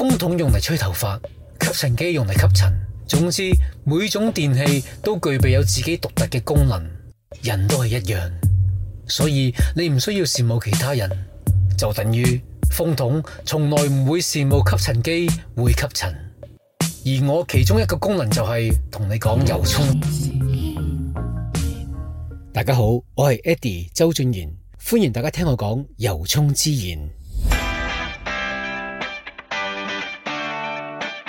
風筒用嚟吹頭髮，吸塵機用嚟吸塵，總之每種電器都具備有自己獨特嘅功能，人都係一樣，所以你唔需要羨慕其他人，就等於風筒從來唔會羨慕吸塵機會吸塵，而我其中一個功能就係同你講油蔥。 大家好，我係 Eddie 周俊賢，歡迎大家聽我講油蔥之言。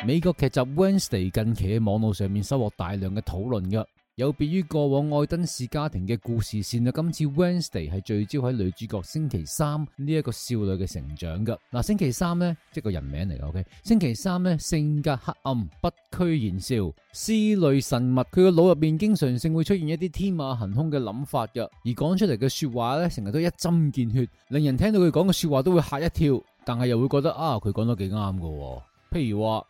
美國劇集 Wednesday 近期喺網絡上面收穫大量嘅討論噶，有別於過往愛登士家庭嘅故事線啊，今次 Wednesday 係聚焦喺女主角星期三呢一個少女嘅成長噶。嗱，星期三呢，即係個人名嚟嘅，OK？星期三呢，性格黑暗，不拘言笑，思慮神物。佢嘅腦入邊經常性會出現一啲天馬行空嘅諗法噶，而講出嚟嘅說話呢，成日都一針見血，令人聽到佢講嘅說話都會吓一跳，但係又會覺得啊佢講得幾啱噶。譬如話，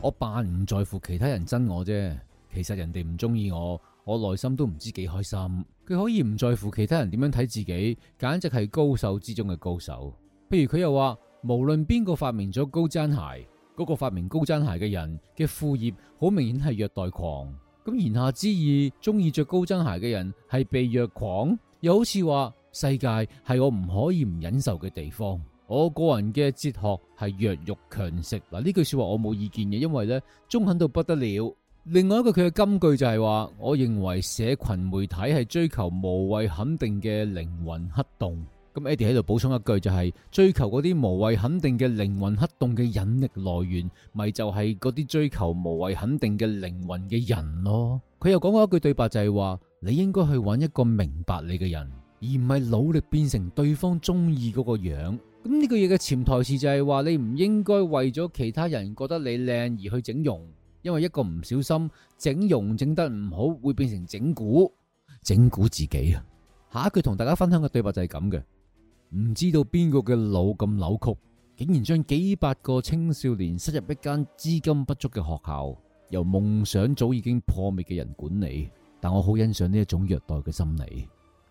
我扮唔在乎其他人憎我啫。其實人哋唔中意我，我內心都唔知幾開心。佢可以唔在乎其他人點樣睇自己，簡直係高手之中嘅高手。譬如佢又話，無論邊個發明咗高踭鞋，嗰個發明高踭鞋嘅人嘅副業好明顯係虐待狂。咁言下之意，中意着高踭鞋嘅人係被虐狂，又好似話。世界係我唔可以唔忍受嘅地方。我個人嘅哲學係弱肉強食。嗱，呢句說話我冇意見嘅，因為呢中肯到不得了。另外一個佢嘅金句就係話，我認為社群媒體係追求無謂肯定嘅靈魂黑洞。咁 Eddie 喺度補充一句就係追求嗰啲無謂肯定嘅靈魂黑洞嘅引力來源，咪就係嗰啲追求無謂肯定嘅靈魂嘅人咯。佢又講過一句對白就係話，你應該去揾一個明白你嘅人。而唔係努力變成對方中意嗰個樣，咁呢個嘢嘅潛台詞就係話你唔應該為咗其他人覺得你靚而去整容，因為一個唔小心整容整得唔好，會變成整蠱整蠱自己啊！下一句同大家分享嘅對白就係咁嘅，唔知道邊個嘅腦咁扭曲，竟然將幾百個青少年塞入一間資金不足嘅學校，由夢想早已經破滅嘅人管理，但我好欣賞呢一種虐待嘅心理。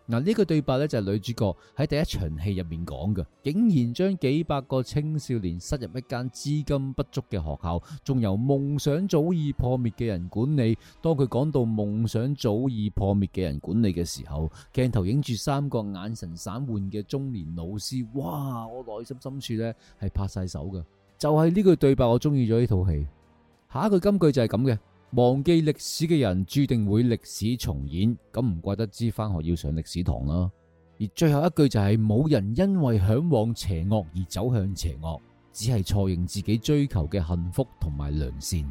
嗱，呢句對白呢，就係女主角喺第一場戲入面講嘅，竟然將幾百個青少年塞入一間資金不足嘅學校，仲由夢想早已破滅嘅人管理。當佢講到夢想早已破滅嘅人管理嘅時候，鏡頭影住三個眼神散換嘅中年老師，哇！我內心深處呢係拍晒手嘅，就係呢句對白我中意咗呢套戲。下一句金句就係咁嘅。忘記歷史嘅人注定會歷史重演，咁唔怪得知返學要上歷史堂啦。而最後一句就係、是、冇人因為向往邪惡而走向邪惡，只係錯認自己追求嘅幸福同埋良善，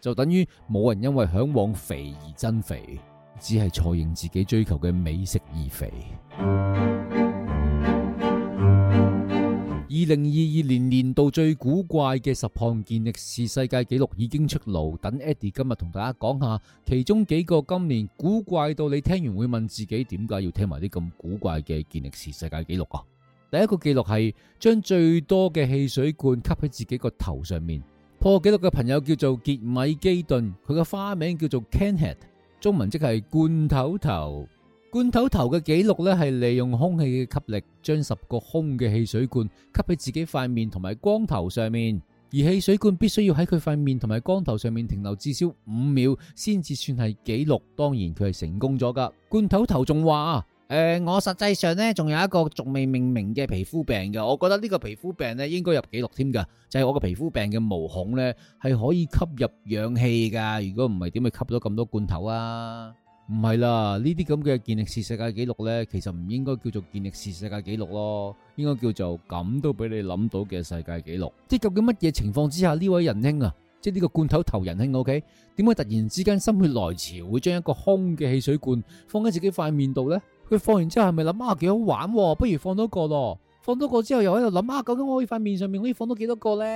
就等於冇人因為向往肥而增肥，只係錯認自己追求嘅美食而肥。二零二二年年度最古怪嘅十項健力士世界紀錄已經出爐，等 Eddie 今日同大家講下其中幾個今年古怪到你聽完會問自己點解要聽埋啲咁古怪嘅健力士世界紀錄啊！第一個紀錄係將最多嘅汽水罐吸喺自己個頭上面。破紀錄嘅朋友叫做傑米基頓，佢個花名叫做 Canhead，中文即係罐頭頭。罐頭頭嘅紀錄咧，係利用空氣嘅吸力，將十個空嘅汽水罐吸喺自己塊面同埋光頭上面，而汽水罐必須要喺佢塊面同埋光頭上面停留至少五秒，先至算係紀錄。當然佢係成功咗噶。罐頭頭仲話：誒、呃，我實際上咧仲有一個仲未命名嘅皮膚病嘅，我覺得呢個皮膚病咧應該入紀錄添噶，就係、是、我個皮膚病嘅毛孔咧係可以吸入氧氣噶。如果唔係，點會吸咗咁多罐頭啊？唔係啦，呢啲咁嘅健力士世界紀錄呢，其實唔應該叫做健力士世界紀錄咯，應該叫做咁都俾你諗到嘅世界紀錄。即究竟乜嘢情況之下呢位仁兄啊，即係呢個罐頭頭仁兄，OK？點解突然之間心血來潮會將一個空嘅汽水罐放喺自己塊面度呢？佢放完之後係咪諗下幾好玩，哦，不如放多個咯？放多個之後又喺度諗啊，究竟我可以塊面上面可以放多幾多個呢？」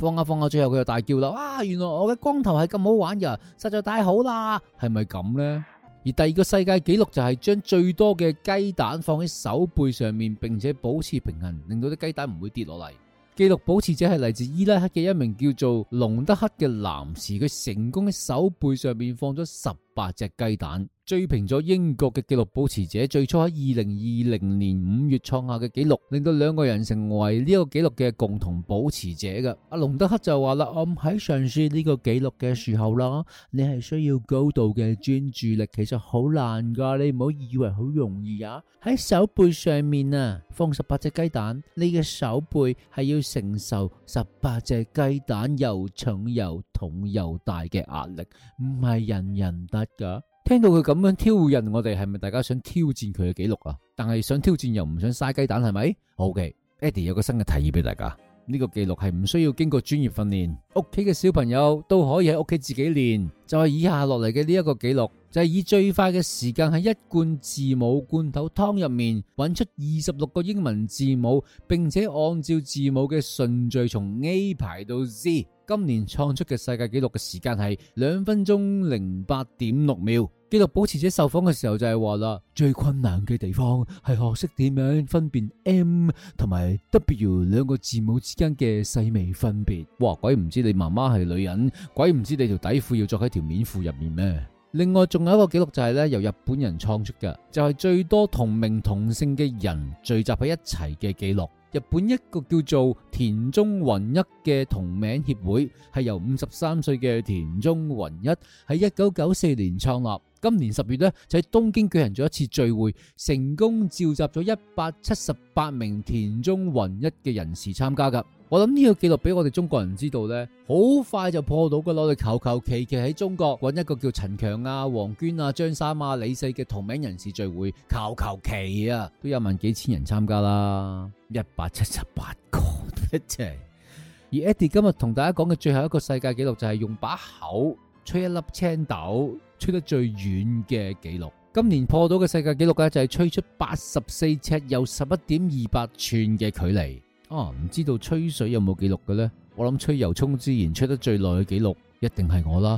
放下放下，最後佢就大叫啦！「哇，原來我嘅光頭係咁好玩嘅，實在太好啦，係咪咁呢？」而第二個世界紀錄就係將最多嘅雞蛋放喺手背上面，並且保持平衡，令到啲雞蛋唔會跌落嚟。紀錄保持者係嚟自伊拉克嘅一名叫做龍德克嘅男士，佢成功喺手背上面放咗十。八隻雞蛋，追平咗英國嘅紀錄保持者最初喺二零二零年五月創下嘅紀錄，令到兩個人成為呢個紀錄嘅共同保持者嘅。阿隆德克就話啦：，我喺嘗試呢個紀錄嘅時候啦，你係需要高度嘅專注力，其實好難噶，你唔好以為好容易啊！喺手背上面啊，放十八隻雞蛋，你嘅手背係要承受十八隻雞蛋又重又痛又大嘅壓力，唔係人人噶？聽到佢咁樣挑釁我哋，係咪大家想挑戰佢嘅記錄啊？但係想挑戰又唔想嘥雞蛋，係咪？好、okay. 嘅，Eddie 有個新嘅提議俾大家，呢、這個記錄係唔需要經過專業訓練，屋企嘅小朋友都可以喺屋企自己練，就係、是、以下落嚟嘅呢一個記錄。就係以最快嘅時間喺一罐字母罐頭湯入面揾出二十六個英文字母，並且按照字母嘅順序從 A 排到 Z。今年創出嘅世界紀錄嘅時間係兩分鐘零八點六秒。紀錄保持者受訪嘅時候就係話啦，最困難嘅地方係學識點樣分辨 M 同埋 W 兩個字母之間嘅細微分別。哇！鬼唔知你媽媽係女人，鬼唔知你條底褲要着喺條面褲入面咩？另外仲有一個紀錄就係咧，由日本人創出嘅，就係最多同名同姓嘅人聚集喺一齊嘅紀錄。日本一個叫做田中云一嘅同名協會係由五十三歲嘅田中云一喺一九九四年創立。今年十月咧就喺東京舉行咗一次聚會，成功召集咗一百七十八名田中云一嘅人士參加噶。我諗呢個記錄俾我哋中國人知道呢，好快就破到噶攞你求求其其喺中國搵一個叫陳強啊、黃娟啊、張三啊、李四嘅同名人士聚會，求求其啊，都有萬幾千人參加啦，一百七十八個，真係。而 Eddie 今日同大家講嘅最後一個世界紀錄就係用把口吹一粒青豆吹得最遠嘅紀錄，今年破到嘅世界紀錄呢就係、是、吹出八十四尺又十一點二八寸嘅距離。啊，唔知道吹水有冇記錄嘅呢？我諗吹油沖之言吹得最耐嘅記錄一定係我啦。